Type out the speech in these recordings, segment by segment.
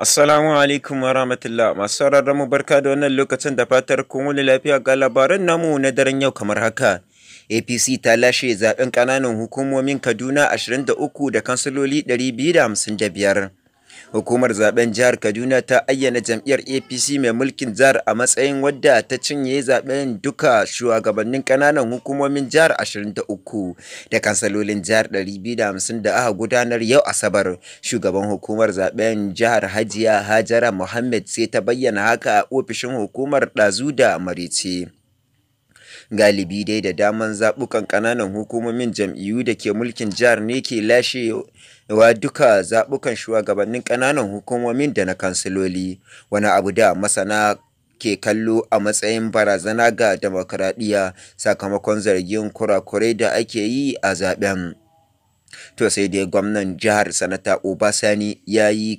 Assalamu alaikum wa rahmatullah masu sauraron mu barka da wannan lokacin da fatar kun wani lafiya ga labaran namu na daren yau kamar haka. APC ta lashe zaben kananan hukumomin Kaduna 23 da kansiloli 255. Hukumar zaben jihar Kaduna ta ayyana jam'iyyar APC mai mulkin jihar a matsayin wadda ta cinye zaben duka shugabannin kananan hukumomin jihar 23 da kansalolin jihar 250 da aka gudanar yau Asabar. Shugaban hukumar zaben jihar Hajiya Hajara Muhammad sai ta bayyana haka a ofishin hukumar ɗazu da Marice. galibi dai da daman zaɓukan ƙananan hukumomin jam'iyyu da ke mulkin jihar ne ke lashewa duka zaɓukan shugabannin ƙananan hukumomin da na kansiloli wani abu da masana ke kallo a matsayin barazana ga demokuraɗiyya sakamakon zargin kurakurai da ake yi a zaben. To sai dai gwamnan jihar Sanata Obasani ya yi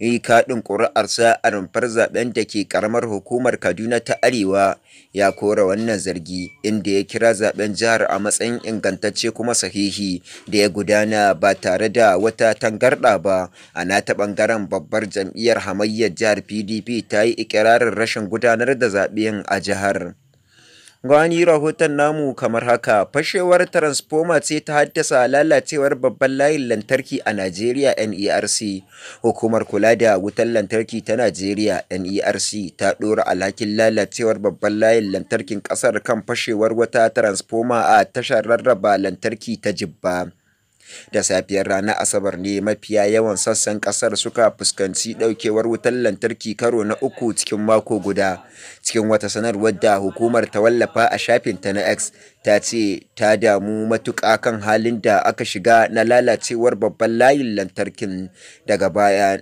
yi kaɗin ƙuri'arsa a rumfar zaɓen da ke ƙaramar hukumar kaduna ta arewa ya kora wannan zargi inda ya kira zaɓen jihar a matsayin ingantacce kuma sahihi da ya gudana ba tare da wata tangarɗa ba a nata ɓangaren babbar jam'iyyar hamayyar jihar pdp ta yi ikirarin rashin gudanar da zaɓen a jihar Gwani rahoton namu kamar haka, fashewar transfoma ce ta haddasa lalacewar babban layin lantarki a Najeriya NERC. Hukumar kula da wutar lantarki ta Najeriya NERC ta ɗora alhakin lalacewar babban layin lantarkin ƙasar kan fashewar wata transfoma a tashar rarraba lantarki ta Jibba. da safiyar ranar asabar ne mafiya yawan sassan kasar suka fuskanci daukewar wutar lantarki karo na uku cikin mako guda cikin wata sanarwar da hukumar ta wallafa a shafin ta na x ta ce ta damu matuƙa kan halin da aka shiga na lalacewar babban layin lantarkin daga baya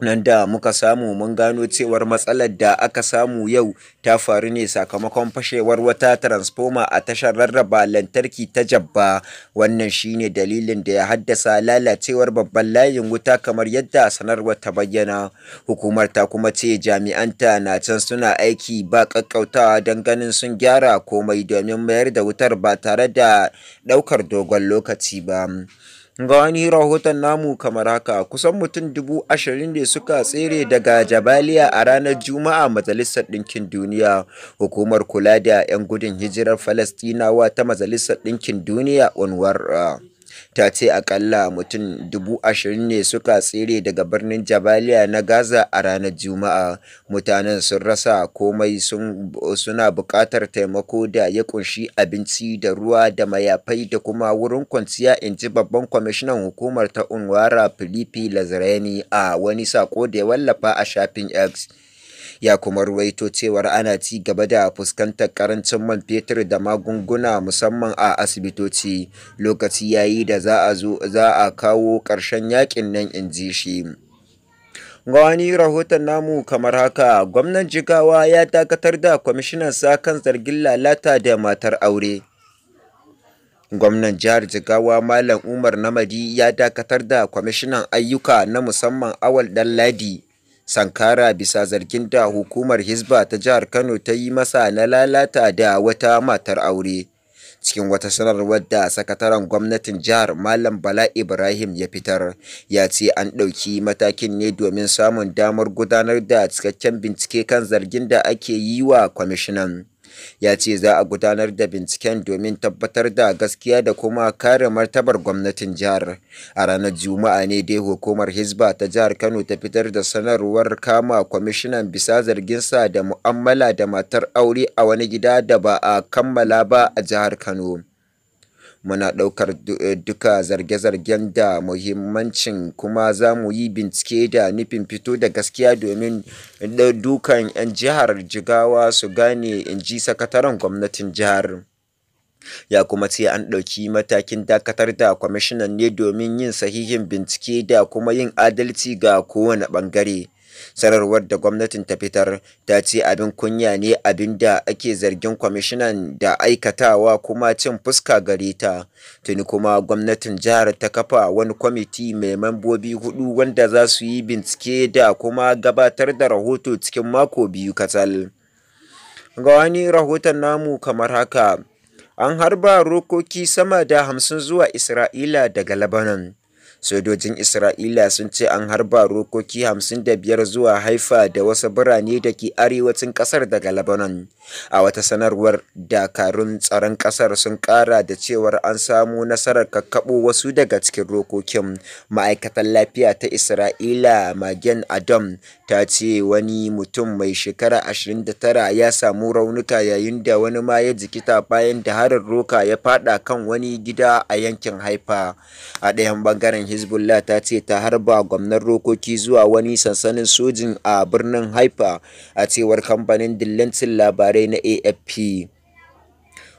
nan da muka samu mun gano cewar matsalar da aka samu yau ta faru ne sakamakon fashewar wata transfoma a tashar rarraba lantarki ta jabba wannan shine dalilin da ya haddasa lalacewar babban layin wuta kamar yadda sanarwar ta bayyana hukumar ta kuma ce jami'an ta na can suna aiki ba kakkautawa don ganin sun gyara komai domin mayar da wutar ba tare da ɗaukar dogon lokaci ba ga wani rahoton namu kamar haka kusan mutum dubu ashirin ne suka tsere daga jabaliya a ranar juma'a majalisar ɗinkin duniya hukumar kula da 'yan gudun hijirar falastinawa ta majalisar ɗinkin duniya unwar ta ce akalla mutum dubu ashirin ne suka tsere daga birnin Jabaliya na Gaza a ranar Juma'a. Mutanen sun rasa komai suna buƙatar taimako da ya kunshi abinci da ruwa da mayafai da kuma wurin kwanciya in ji babban kwamishinan hukumar ta Unwara Filipi Lazareni a wani sako da ya wallafa a shafin X. ya kuma ruwaito cewar ana ci gaba da fuskantar karancin man fetur da magunguna musamman a asibitoci lokaci yayi da za a zo za a kawo ƙarshen yakin nan in ji shi ga wani rahoton namu kamar haka gwamnan jigawa ya dakatar da kwamishinan sa kan zargin lalata da matar aure gwamnan jihar jigawa malam umar namadi ya dakatar da kwamishinan ayyuka na musamman awal dan ladi Sankara bisa zargin da hukumar Hizba ta jihar Kano ta yi masa na lalata da wata matar aure. cikin wata sanarwar da sakataren gwamnatin jihar malam bala ibrahim ya fitar ya ce an ɗauki matakin ne domin samun damar gudanar da cikakken bincike kan zargin da ake yi wa kwamishinan ya ce za a gudanar da binciken domin tabbatar da gaskiya da kuma kare martabar gwamnatin jihar a ranar juma'a ne dai hukumar hizba ta jihar kano ta fitar da sanarwar kama kwamishinan bisa Zargin sa da mu'amala da matar aure a wani gida da ba a kammala ba a jihar kano Muna ɗaukar eh, duka zarge-zargen da muhimmancin kuma za mu yi bincike da nufin fito da gaskiya domin dukan 'yan jihar Jigawa su gane, in ji sakataren gwamnatin jihar. ya kuma ce an ɗauki matakin dakatar da kwamishinan ne domin yin sahihin bincike da kuma yin adalci ga kowane ɓangare. Sararwar da gwamnatin ta fitar ta ce abin kunya ne abin da ake zargin kwamishinan da aikatawa kuma cin fuska gare ta tuni kuma gwamnatin jihar ta kafa wani kwamiti mai membobi hudu wanda za su yi bincike da kuma gabatar da rahoto cikin mako biyu kasal. ga rahoton namu kamar haka an harba rokoki sama da hamsin zuwa isra'ila daga lebanon sojojin isra'ila sun ce an harba rokoki 55 zuwa haifa da wasu birane da ke arewacin kasar daga lebanon a wata sanarwar dakarun tsaron kasar sun kara da cewar an samu nasarar kakkaɓo wasu daga cikin rokokin ma'aikatan lafiya ta isra'ila magen adam ta ce wani mutum mai shekara 29 ya samu raunuka yayin da wani ma ya jikita bayan da harin roka ya fada kan wani gida a yankin haifa a ɗayan bangaren Hezbollah ta ce ta harba gwamnan rokoki zuwa wani sansanin sojin a birnin Haifa a cewar kamfanin dillancin labarai na AFP.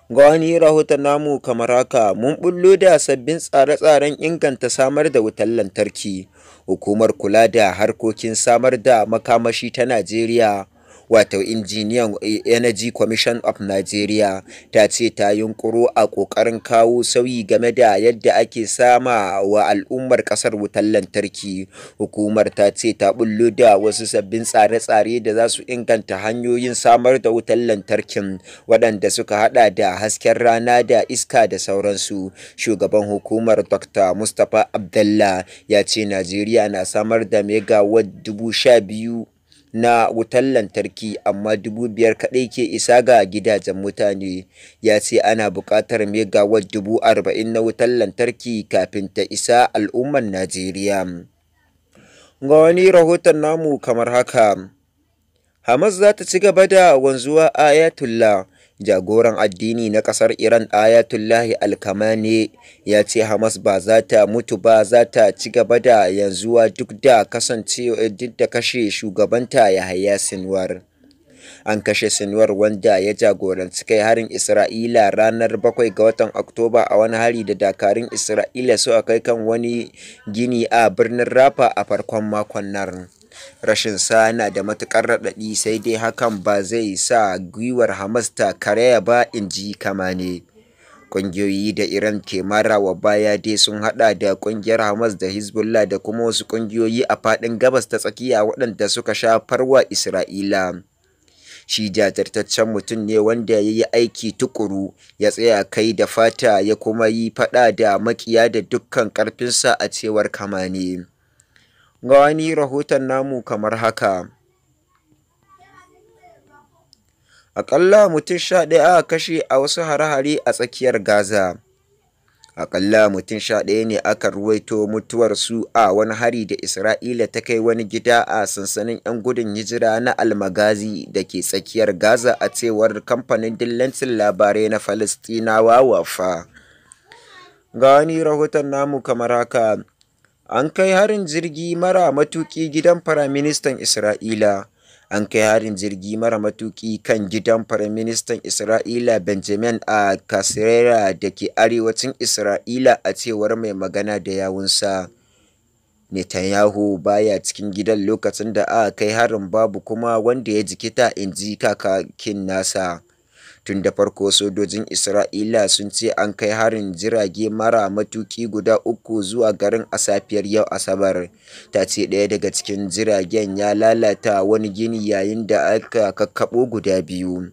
Ga wani rahoton namu kamar haka mun bullo da sabbin tsare-tsaren inganta samar da wutar lantarki. Hukumar kula da harkokin samar da makamashi ta Najeriya. wato injiniyan energy commission of nigeria ta ce ta yunkuro a ƙoƙarin kawo sauyi game da yadda ake sama wa al'ummar ƙasar wutar lantarki hukumar ta ce ta bullo da wasu sabbin tsare-tsare da za su inganta hanyoyin samar da wutar lantarkin waɗanda suka haɗa da hasken rana da iska da sauransu shugaban hukumar dr mustapha Abdullahi ya ce najeriya na samar da megawatt dubu sha biyu na wutar lantarki amma dubu biyar kaɗai ke isa ga gidajen mutane ya ce ana buƙatar megawar dubu arba'in na wutar lantarki kafin ta isa al'ummar najeriya ga wani rahoton namu kamar haka hamas za ta ci gaba da wanzuwa ayatullah Jagoran addini na kasar Iran ayatullahi Alkamani ya ce Hamas ba za ta mutu ba za ta ci gaba da yanzuwa duk da kasancewa duk da kashe shugabanta Yahaya Sinwar. An kashe Sinwar wanda ya jagoranci kai harin Isra'ila ranar 7 ga watan Oktoba a wani hari da dakarun Isra'ila suka kai kan wani gini a birnin Rafa a farkon makon nan. rashin sa na da matukar raɗaɗi sai dai hakan ba zai sa gwiwar hamas ta karaya ba in ji kamane ƙungiyoyi da iran ke marawa baya dai sun haɗa da ƙungiyar hamas da hezbollah da kuma wasu ƙungiyoyi a faɗin gabas ta tsakiya waɗanda suka sha farwa isra'ila shi jajirtaccen mutum ne wanda ya yi aiki tukuru ya tsaya kai da fata ya kuma yi fada da makiya da dukkan karfinsa a cewar kamane. ga wani rahoton namu kamar haka. Aƙalla mutum sha ɗaya aka kashe a wasu hare-hare a tsakiyar Gaza. Aƙalla mutum sha ɗaya ne aka ruwaito mutuwarsu a wani hari da Isra'ila ta kai wani gida a sansanin 'yan gudun hijira na Almagazi da ke tsakiyar Gaza a cewar kamfanin dillancin labarai na Falistinawa wafa. Ga wani rahoton namu kamar haka. An kai harin jirgi mara matuƙi gidan Firaministan Isra'ila An kai harin jirgi mara matuƙi kan gidan Firaministan Isra'ila Benjamin a Kasirera da ke arewacin Isra'ila a cewar mai magana da yawunsa. Netanyahu baya cikin gidan lokacin da aka kai harin babu kuma wanda ya jikita, in ji kakakin nasa. Tun da farko sojojin Isra'ila sun ce an kai harin jirage mara matuki guda uku zuwa garin a safiyar yau Asabar, ta ce ɗaya daga cikin jiragen ya lalata wani gini yayin da aka kakkaɓo guda biyu.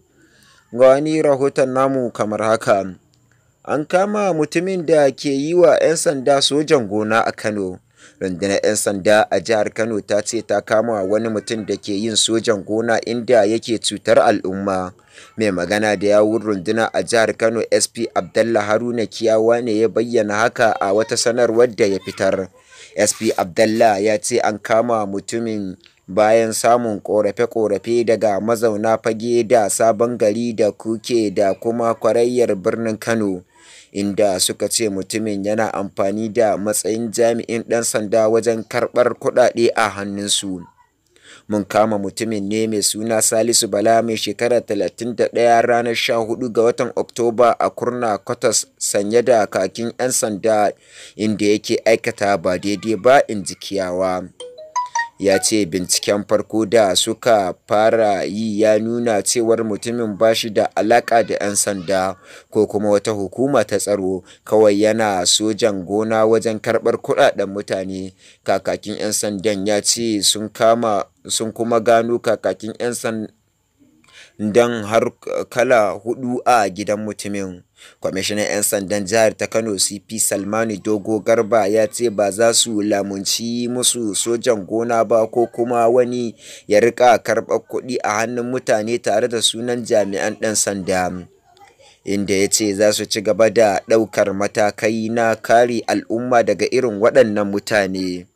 Ga wani rahoton namu kamar haka, an kama mutumin da ke yi wa ‘yan sanda sojan gona a Kano. rundunar 'yan sanda a jihar kano ta ce ta kama wani mutum da ke yin sojan gona inda yake cutar al'umma mai magana da yawun runduna a jihar kano sp abdalla haruna kiyawa ne ya bayyana haka a wata sanarwar da ya fitar sp abdalla ya ce an kama mutumin bayan samun korafe-korafe daga mazauna fage da sabon gari da kuke da kuma kwarayyar birnin kano inda suka ce mutumin yana amfani da matsayin jami'in ɗan sanda wajen karɓar kuɗaɗe a hannunsu. Mun kama mutumin ne mai suna Salisu Bala mai shekara 31 ranar 14 ga watan Oktoba a kurna kotas sanye da kakin 'yan sanda inda yake aikata ba daidai ba in ji kiyawa. ya ce binciken farko da suka fara yi ya nuna cewar mutumin ba shi da alaƙa da 'yan sanda ko kuma wata hukuma ta tsaro kawai yana sojan gona wajen karɓar kuɗaɗen mutane kakakin 'yan sandan ya ce sun kuma gano kakakin 'yan sanda don har kala hudu a gidan mutumin. Kwamishinan 'yan sandan jihar ta Kano CP Salmani Dogo Garba ya ce ba za su lamunci musu sojan gona ba ko kuma wani ya rika karɓar kuɗi a hannun mutane tare da sunan jami'an ɗan sanda. inda ya ce za su ci gaba da ɗaukar matakai na kare al'umma daga irin waɗannan mutane.